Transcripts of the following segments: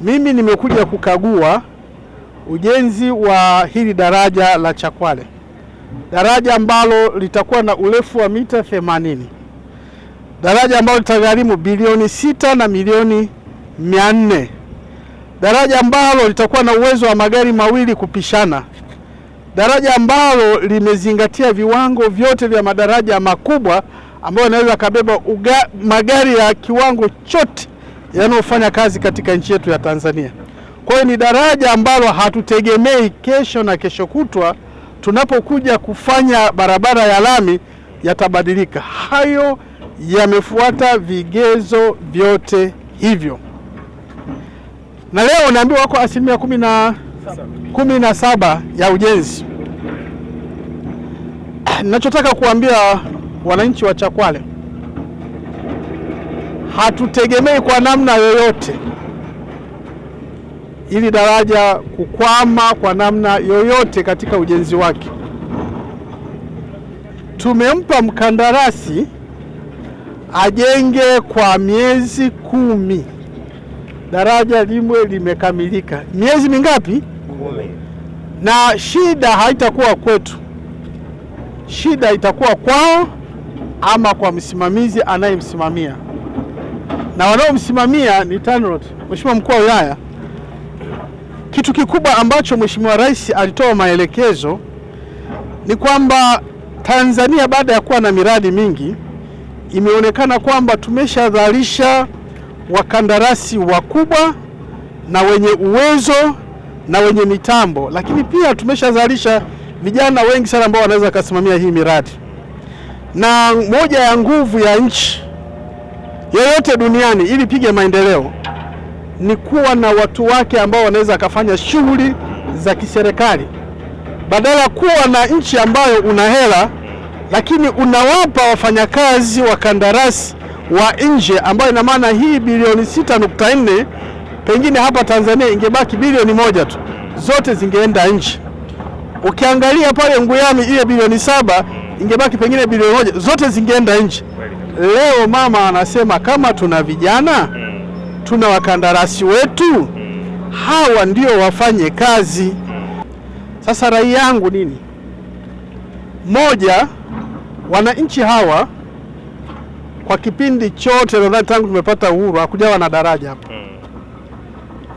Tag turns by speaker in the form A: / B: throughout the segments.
A: Mimi nimekuja kukagua ujenzi wa hili daraja la Chakwale, daraja ambalo litakuwa na urefu wa mita 80, daraja ambalo litagharimu bilioni sita na milioni 400, daraja ambalo litakuwa na uwezo wa magari mawili kupishana, daraja ambalo limezingatia viwango vyote vya madaraja makubwa ambayo yanaweza kabeba magari ya kiwango chote yanayofanya kazi katika nchi yetu ya Tanzania. Kwa hiyo ni daraja ambalo hatutegemei kesho na kesho kutwa tunapokuja kufanya barabara ya lami yatabadilika. Hayo yamefuata vigezo vyote hivyo, na leo naambiwa wako asilimia kumi na kumi na saba ya ujenzi. Ninachotaka kuambia wananchi wa Chakwale hatutegemei kwa namna yoyote ili daraja kukwama kwa namna yoyote katika ujenzi wake. Tumempa mkandarasi ajenge kwa miezi kumi, daraja limwe limekamilika. Miezi mingapi? Kumi. Na shida haitakuwa kwetu, shida itakuwa kwao ama kwa msimamizi anayemsimamia na wanaomsimamia ni TANROADS, Mheshimiwa mkuu wa wilaya. Kitu kikubwa ambacho Mheshimiwa Rais alitoa maelekezo ni kwamba Tanzania baada ya kuwa na miradi mingi imeonekana kwamba tumeshazalisha wakandarasi wakubwa na wenye uwezo na wenye mitambo, lakini pia tumeshazalisha vijana wengi sana ambao wanaweza kusimamia hii miradi, na moja ya nguvu ya nchi yoyote duniani ili pige maendeleo ni kuwa na watu wake ambao wanaweza akafanya shughuli za kiserikali, badala kuwa na nchi ambayo una hela lakini unawapa wafanyakazi wa kandarasi wa nje, ambayo ina maana hii bilioni sita nukta nne pengine hapa Tanzania ingebaki bilioni moja tu, zote zingeenda nje. Ukiangalia pale Nguyami ile bilioni saba ingebaki pengine bilioni moja, zote zingeenda nje. Leo mama anasema kama tuna vijana tuna wakandarasi wetu, hawa ndio wafanye kazi. Sasa rai yangu nini? Moja, wananchi hawa kwa kipindi chote nadhani tangu tumepata uhuru hakujawa na daraja hapa.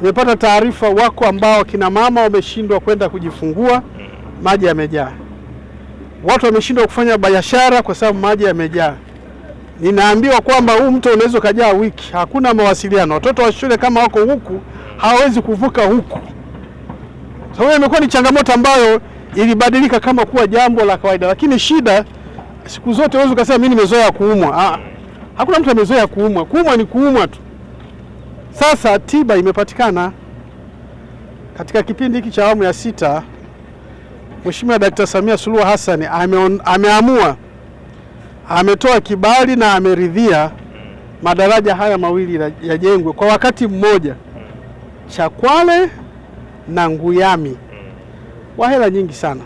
A: Nimepata taarifa wako ambao kina mama wameshindwa kwenda kujifungua, maji yamejaa. Watu wameshindwa kufanya biashara kwa sababu maji yamejaa ninaambiwa kwamba huu mto unaweza ukajaa wiki, hakuna mawasiliano. Watoto wa shule kama wako huku hawawezi kuvuka huku. Sasa imekuwa ni changamoto ambayo ilibadilika kama kuwa jambo la kawaida, lakini shida siku zote huwezi ukasema mimi nimezoea kuumwa. Ah, hakuna mtu amezoea kuumwa. Kuumwa ni kuumwa tu. Sasa tiba imepatikana katika kipindi hiki cha awamu ya sita. Mheshimiwa Daktari Samia Suluhu Hassan ameamua ametoa kibali na ameridhia mm. madaraja haya mawili yajengwe kwa wakati mmoja, mm. Chakwale na Nguyami, mm. kwa hela nyingi sana,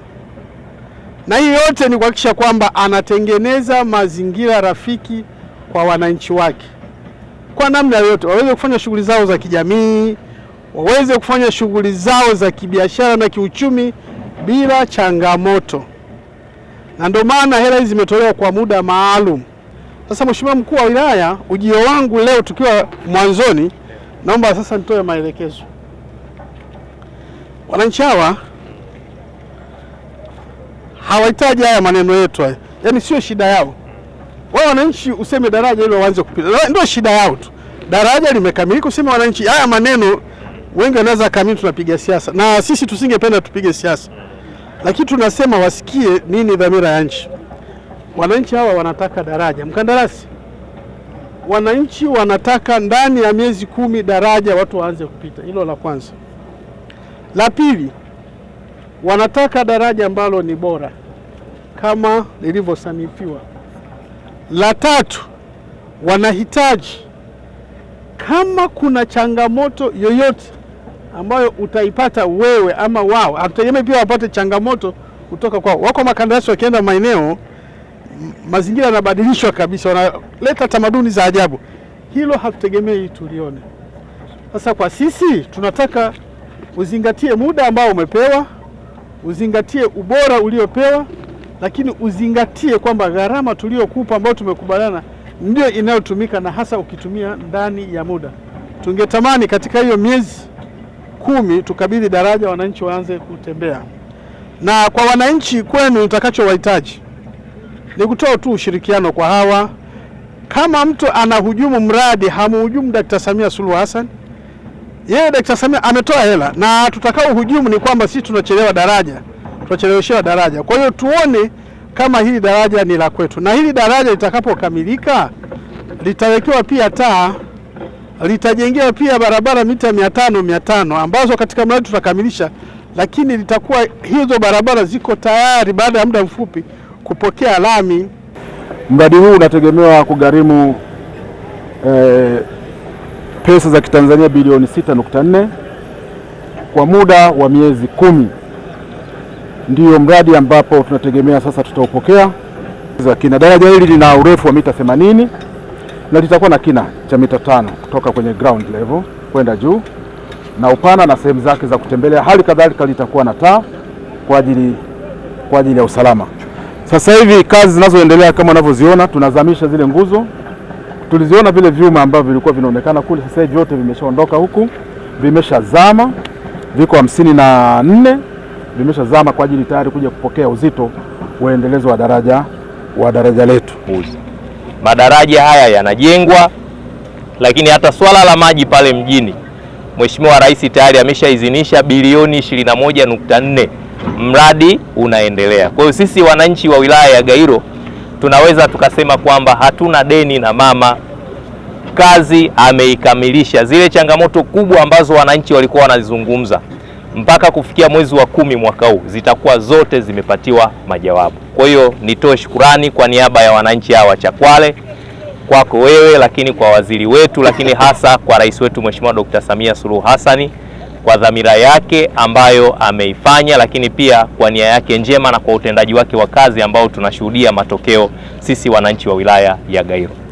A: na hii yote ni kuhakikisha kwamba anatengeneza mazingira rafiki kwa wananchi wake kwa namna yoyote, waweze kufanya shughuli zao za kijamii, waweze kufanya shughuli zao za kibiashara na kiuchumi bila changamoto na ndio maana hela hizi zimetolewa kwa muda maalum. Sasa Mheshimiwa mkuu wa wilaya, ujio wangu leo tukiwa mwanzoni, naomba sasa nitoe maelekezo. Wananchi hawa hawahitaji haya maneno yetu haya, yaani sio shida yao. Wao wananchi useme daraja hilo waanze kupita, ndio shida yao tu. Daraja limekamilika, useme wananchi. Haya maneno wengi wanaweza kamili, tunapiga siasa na sisi tusingependa tupige siasa lakini tunasema wasikie nini dhamira ya nchi. Wananchi hawa wanataka daraja, mkandarasi, wananchi wanataka ndani ya miezi kumi daraja watu waanze kupita. Hilo la kwanza. La pili, wanataka daraja ambalo ni bora kama lilivyosanifiwa. La tatu, wanahitaji kama kuna changamoto yoyote ambayo utaipata wewe ama wao. Hatutegemei pia wapate changamoto kutoka kwao. Wako makandarasi wakienda maeneo, mazingira yanabadilishwa kabisa, wanaleta tamaduni za ajabu. Hilo hatutegemei tulione. Sasa kwa sisi tunataka uzingatie muda ambao umepewa, uzingatie ubora uliopewa, lakini uzingatie kwamba gharama tuliokupa ambayo tumekubaliana ndio inayotumika na hasa ukitumia ndani ya muda. Tungetamani katika hiyo miezi kumi tukabidhi daraja, wananchi waanze kutembea. Na kwa wananchi kwenu, nitakachowahitaji ni kutoa tu ushirikiano kwa hawa. Kama mtu anahujumu mradi, hamuhujumu Dakta Samia Suluhu Hassan. Yeye Dakta Samia ametoa hela, na tutakao hujumu ni kwamba sisi tunachelewa daraja, tunacheleweshewa daraja. Kwa hiyo tuone kama hili daraja ni la kwetu, na hili daraja litakapokamilika litawekewa pia taa litajengewa pia barabara mita mia tano mia tano ambazo katika mradi tutakamilisha, lakini litakuwa hizo barabara ziko tayari baada ya muda mfupi kupokea lami. Mradi huu unategemewa kugharimu eh, pesa za Kitanzania bilioni 6.4 kwa muda wa miezi kumi. Ndiyo mradi ambapo tunategemea sasa tutaupokea. Kina daraja hili lina urefu wa mita 80 na litakuwa na kina cha mita tano kutoka kwenye ground level kwenda juu na upana na sehemu zake za kutembelea. Hali kadhalika litakuwa na taa kwa ajili, kwa ajili ya usalama. Sasa hivi kazi zinazoendelea kama unavyoziona, tunazamisha zile nguzo. Tuliziona vile vyuma ambavyo vilikuwa vinaonekana kule, sasa hivi vyote vimeshaondoka huku, vimeshazama, viko hamsini na nne vimeshazama kwa ajili tayari kuja kupokea uzito waendelezo wa daraja wa daraja letu
B: madaraja haya yanajengwa, lakini hata swala la maji pale mjini, Mheshimiwa Rais tayari ameshaidhinisha bilioni 21.4, mradi unaendelea. Kwa hiyo sisi wananchi wa wilaya ya Gairo tunaweza tukasema kwamba hatuna deni na mama, kazi ameikamilisha. Zile changamoto kubwa ambazo wananchi walikuwa wanazizungumza mpaka kufikia mwezi wa kumi mwaka huu zitakuwa zote zimepatiwa majawabu. Kwa hiyo nitoe shukurani kwa niaba ya wananchi hawa wa Chakwale kwako wewe, lakini kwa waziri wetu, lakini hasa kwa rais wetu Mheshimiwa Dr. Samia Suluhu Hassani kwa dhamira yake ambayo ameifanya, lakini pia kwa nia yake njema na kwa utendaji wake wa kazi ambao tunashuhudia matokeo sisi wananchi wa wilaya ya Gairo.